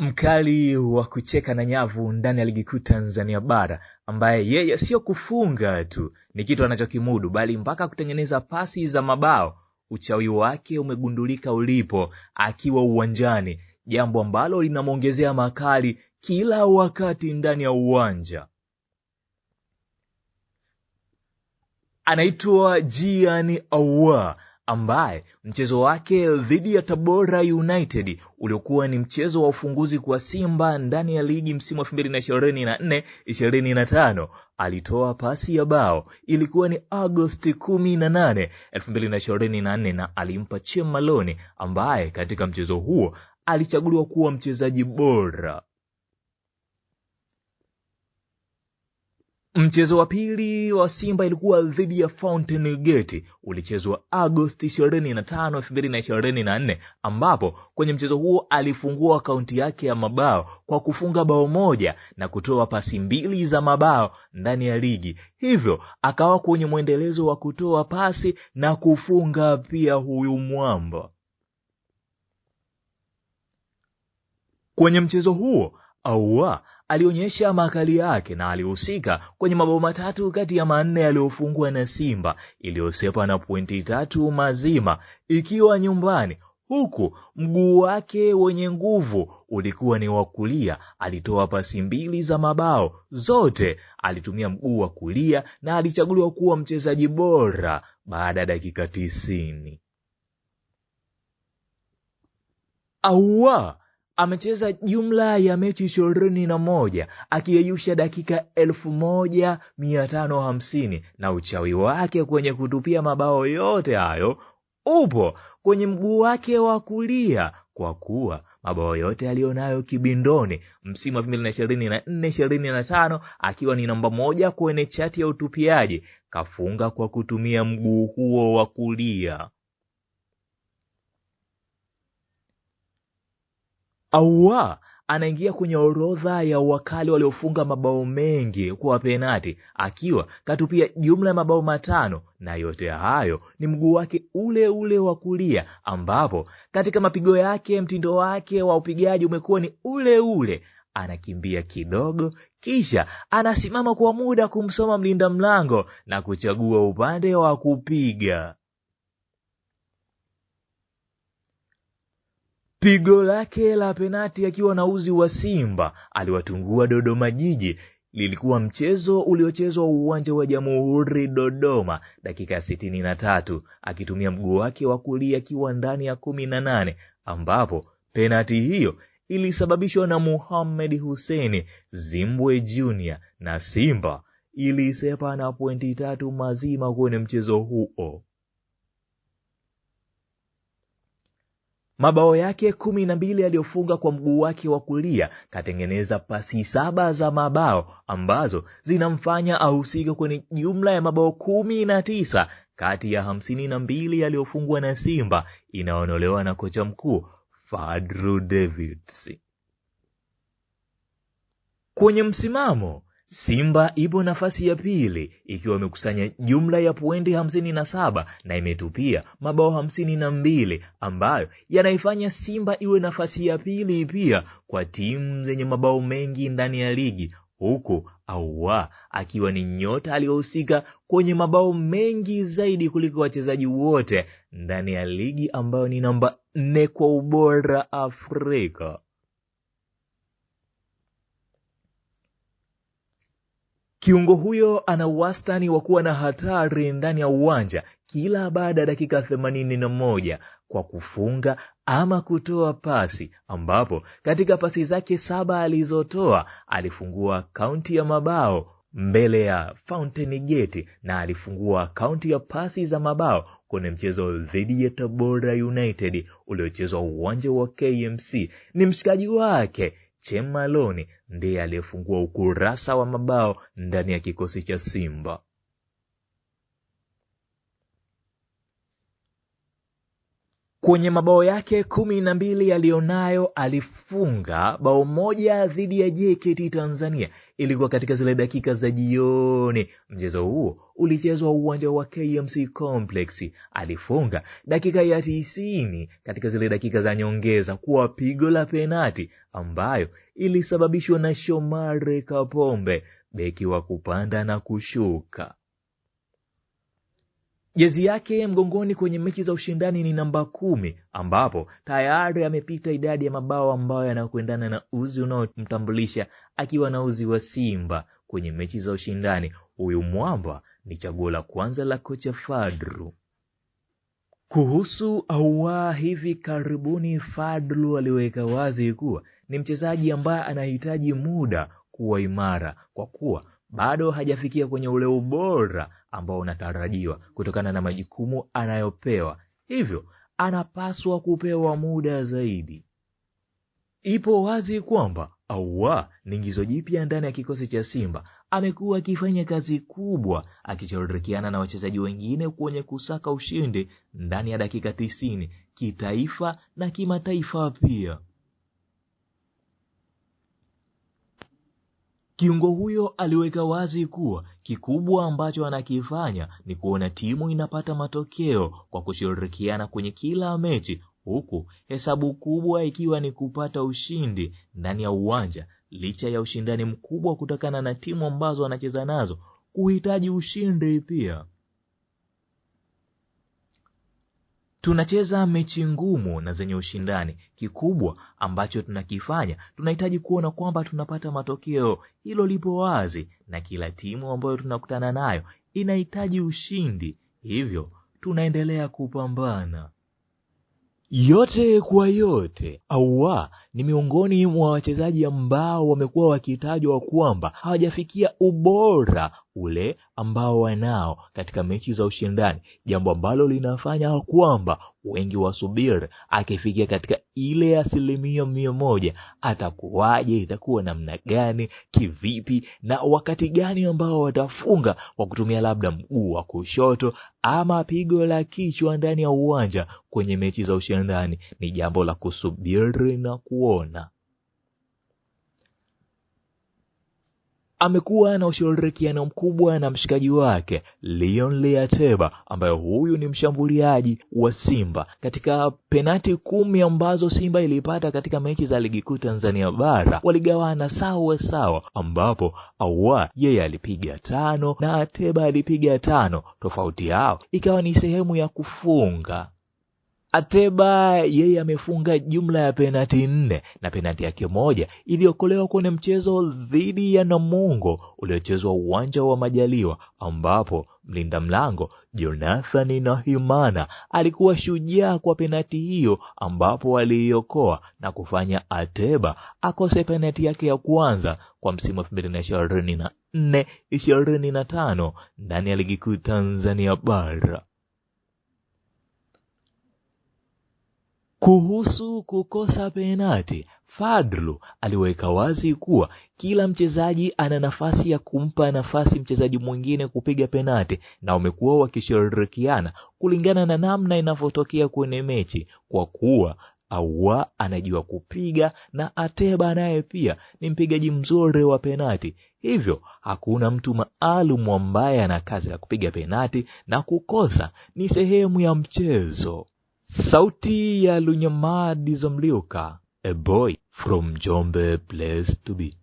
mkali wa kucheka na nyavu ndani ya ligi kuu Tanzania bara ambaye yeye sio kufunga tu ni kitu anachokimudu bali mpaka kutengeneza pasi za mabao. Uchawi wake umegundulika ulipo akiwa uwanjani, jambo ambalo linamwongezea makali kila wakati ndani ya uwanja. Anaitwa Gianni Awa ambaye mchezo wake dhidi ya Tabora United uliokuwa ni mchezo wa ufunguzi kwa Simba ndani ya ligi msimu wa 2024 25 alitoa pasi ya bao. Ilikuwa ni Agosti 18, 2024 na alimpa Chemalone ambaye katika mchezo huo alichaguliwa kuwa mchezaji bora Mchezo wa pili wa Simba ilikuwa dhidi ya Fountain Gate, ulichezwa Agosti 25, 2024, ambapo kwenye mchezo huo alifungua akaunti yake ya mabao kwa kufunga bao moja na kutoa pasi mbili za mabao ndani ya ligi, hivyo akawa kwenye mwendelezo wa kutoa pasi na kufunga pia huyu mwamba. Kwenye mchezo huo Aua alionyesha makali yake na alihusika kwenye mabao matatu kati ya manne yaliyofungwa na Simba iliyosepa na pointi tatu mazima ikiwa nyumbani, huku mguu wake wenye nguvu ulikuwa ni wa kulia. Alitoa pasi mbili za mabao, zote alitumia mguu wa kulia na alichaguliwa kuwa mchezaji bora baada ya dakika tisini. Aua amecheza jumla ya mechi ishirini na moja akiyeyusha dakika elfu moja mia tano hamsini na uchawi wake kwenye kutupia mabao yote hayo upo kwenye mguu wake wa kulia kwa kuwa mabao yote aliyonayo kibindoni msimu wa 2024 akiwa ni namba moja kwenye chati ya utupiaji kafunga kwa kutumia mguu huo wa kulia. aua anaingia kwenye orodha ya wakali waliofunga mabao mengi kwa penati akiwa katupia jumla ya mabao matano, na yote hayo ni mguu wake ule ule wa kulia, ambapo katika mapigo yake mtindo wake wa upigaji umekuwa ni ule ule anakimbia kidogo, kisha anasimama kwa muda kumsoma mlinda mlango na kuchagua upande wa kupiga. Pigo lake la penati akiwa na uzi wa Simba aliwatungua Dodoma Jiji. Lilikuwa mchezo uliochezwa uwanja wa Jamhuri Dodoma, dakika ya sitini na tatu akitumia mguu wake wa kulia akiwa ndani ya kumi na nane ambapo penati hiyo ilisababishwa na Mohamed Hussein Zimbwe Junior na Simba ilisepa na pointi tatu mazima kwenye mchezo huo. Mabao yake kumi na mbili aliyofunga kwa mguu wake wa kulia katengeneza pasi saba za mabao ambazo zinamfanya ahusika kwenye jumla ya mabao kumi na tisa kati ya hamsini na mbili yaliyofungwa na Simba inaonolewa na kocha mkuu fadru Davids. Kwenye msimamo Simba ipo nafasi ya pili ikiwa imekusanya jumla ya pointi hamsini na saba na imetupia mabao hamsini na mbili ambayo yanaifanya Simba iwe nafasi ya pili pia kwa timu zenye mabao mengi ndani ya ligi huku Ahoua akiwa ni nyota aliyohusika kwenye mabao mengi zaidi kuliko wachezaji wote ndani ya ligi ambayo ni namba nne kwa ubora Afrika. Kiungo huyo ana wastani wa kuwa na hatari ndani ya uwanja kila baada ya dakika themanini na moja kwa kufunga ama kutoa pasi, ambapo katika pasi zake saba alizotoa alifungua kaunti ya mabao mbele ya Fountain Gate na alifungua kaunti ya pasi za mabao kwenye mchezo dhidi ya Tabora United uliochezwa uwanja wa KMC. Ni mshikaji wake Chemaloni ndiye aliyefungua ukurasa wa mabao ndani ya kikosi cha Simba Kwenye mabao yake kumi na mbili yaliyonayo alifunga bao moja dhidi ya JKT Tanzania. Ilikuwa katika zile dakika za jioni. Mchezo huo ulichezwa uwanja wa KMC Complex. Alifunga dakika ya tisini katika zile dakika za nyongeza kwa pigo la penati ambayo ilisababishwa na Shomari Kapombe, beki wa kupanda na kushuka. Jezi yake mgongoni kwenye mechi za ushindani ni namba kumi ambapo tayari amepita idadi ya mabao ambayo yanayokwendana na uzi unaomtambulisha akiwa na uzi wa Simba kwenye mechi za ushindani. Huyu mwamba ni chaguo la kwanza la kocha fadru Kuhusu Ahoua, hivi karibuni Fadlu aliweka wazi kuwa ni mchezaji ambaye anahitaji muda kuwa imara kwa kuwa bado hajafikia kwenye ule ubora ambao unatarajiwa kutokana na majukumu anayopewa, hivyo anapaswa kupewa muda zaidi. Ipo wazi kwamba Ahoua ni ingizo jipya ndani ya kikosi cha Simba. Amekuwa akifanya kazi kubwa akishirikiana na wachezaji wengine kwenye kusaka ushindi ndani ya dakika tisini kitaifa na kimataifa pia. Kiungo huyo aliweka wazi kuwa kikubwa ambacho anakifanya ni kuona timu inapata matokeo kwa kushirikiana kwenye kila mechi, huku hesabu kubwa ikiwa ni kupata ushindi ndani ya uwanja, licha ya ushindani mkubwa kutokana na timu ambazo anacheza nazo kuhitaji ushindi pia. Tunacheza mechi ngumu na zenye ushindani. Kikubwa ambacho tunakifanya, tunahitaji kuona kwamba tunapata matokeo. Hilo lipo wazi, na kila timu ambayo tunakutana nayo inahitaji ushindi, hivyo tunaendelea kupambana. Yote kwa yote, Ahoua ni miongoni mwa wachezaji ambao wamekuwa wakitajwa kwamba hawajafikia ubora ule ambao wanao katika mechi za ushindani, jambo ambalo linafanya kwamba wengi wasubiri akifikia katika ile asilimia mia moja atakuwaje, itakuwa namna gani, kivipi na wakati gani ambao watafunga kwa kutumia labda mguu wa kushoto ama pigo la kichwa ndani ya uwanja kwenye mechi za ushindani. Ni jambo la kusubiri na kuona. amekuwa na ushirikiano mkubwa na mshikaji wake Leon Leateba ambaye huyu ni mshambuliaji wa Simba katika penati kumi ambazo Simba ilipata katika mechi za ligi kuu Tanzania bara waligawana sawa sawa, ambapo awa yeye alipiga tano na Ateba alipiga tano. Tofauti yao ikawa ni sehemu ya kufunga. Ateba yeye amefunga jumla ya penati nne na penati yake moja iliyokolewa kwenye mchezo dhidi ya Namungo uliochezwa uwanja wa Majaliwa, ambapo mlinda mlango Jonathan Nahimana alikuwa shujaa kwa penati hiyo, ambapo aliiokoa na kufanya Ateba akose penati yake ya kwanza kwa msimu wa na 2024 25 ndani ya ligi kuu Tanzania bara. Kuhusu kukosa penati, Fadlu aliweka wazi kuwa kila mchezaji ana nafasi ya kumpa nafasi mchezaji mwingine kupiga penati na wamekuwa wakishirikiana kulingana na namna inavyotokea kwenye mechi kwa kuwa Aua anajua kupiga na Ateba naye pia ni mpigaji mzuri wa penati, hivyo hakuna mtu maalum ambaye ana kazi ya kupiga penati na kukosa ni sehemu ya mchezo. Sauti ya Lunyamad a boy from Jombe place to be.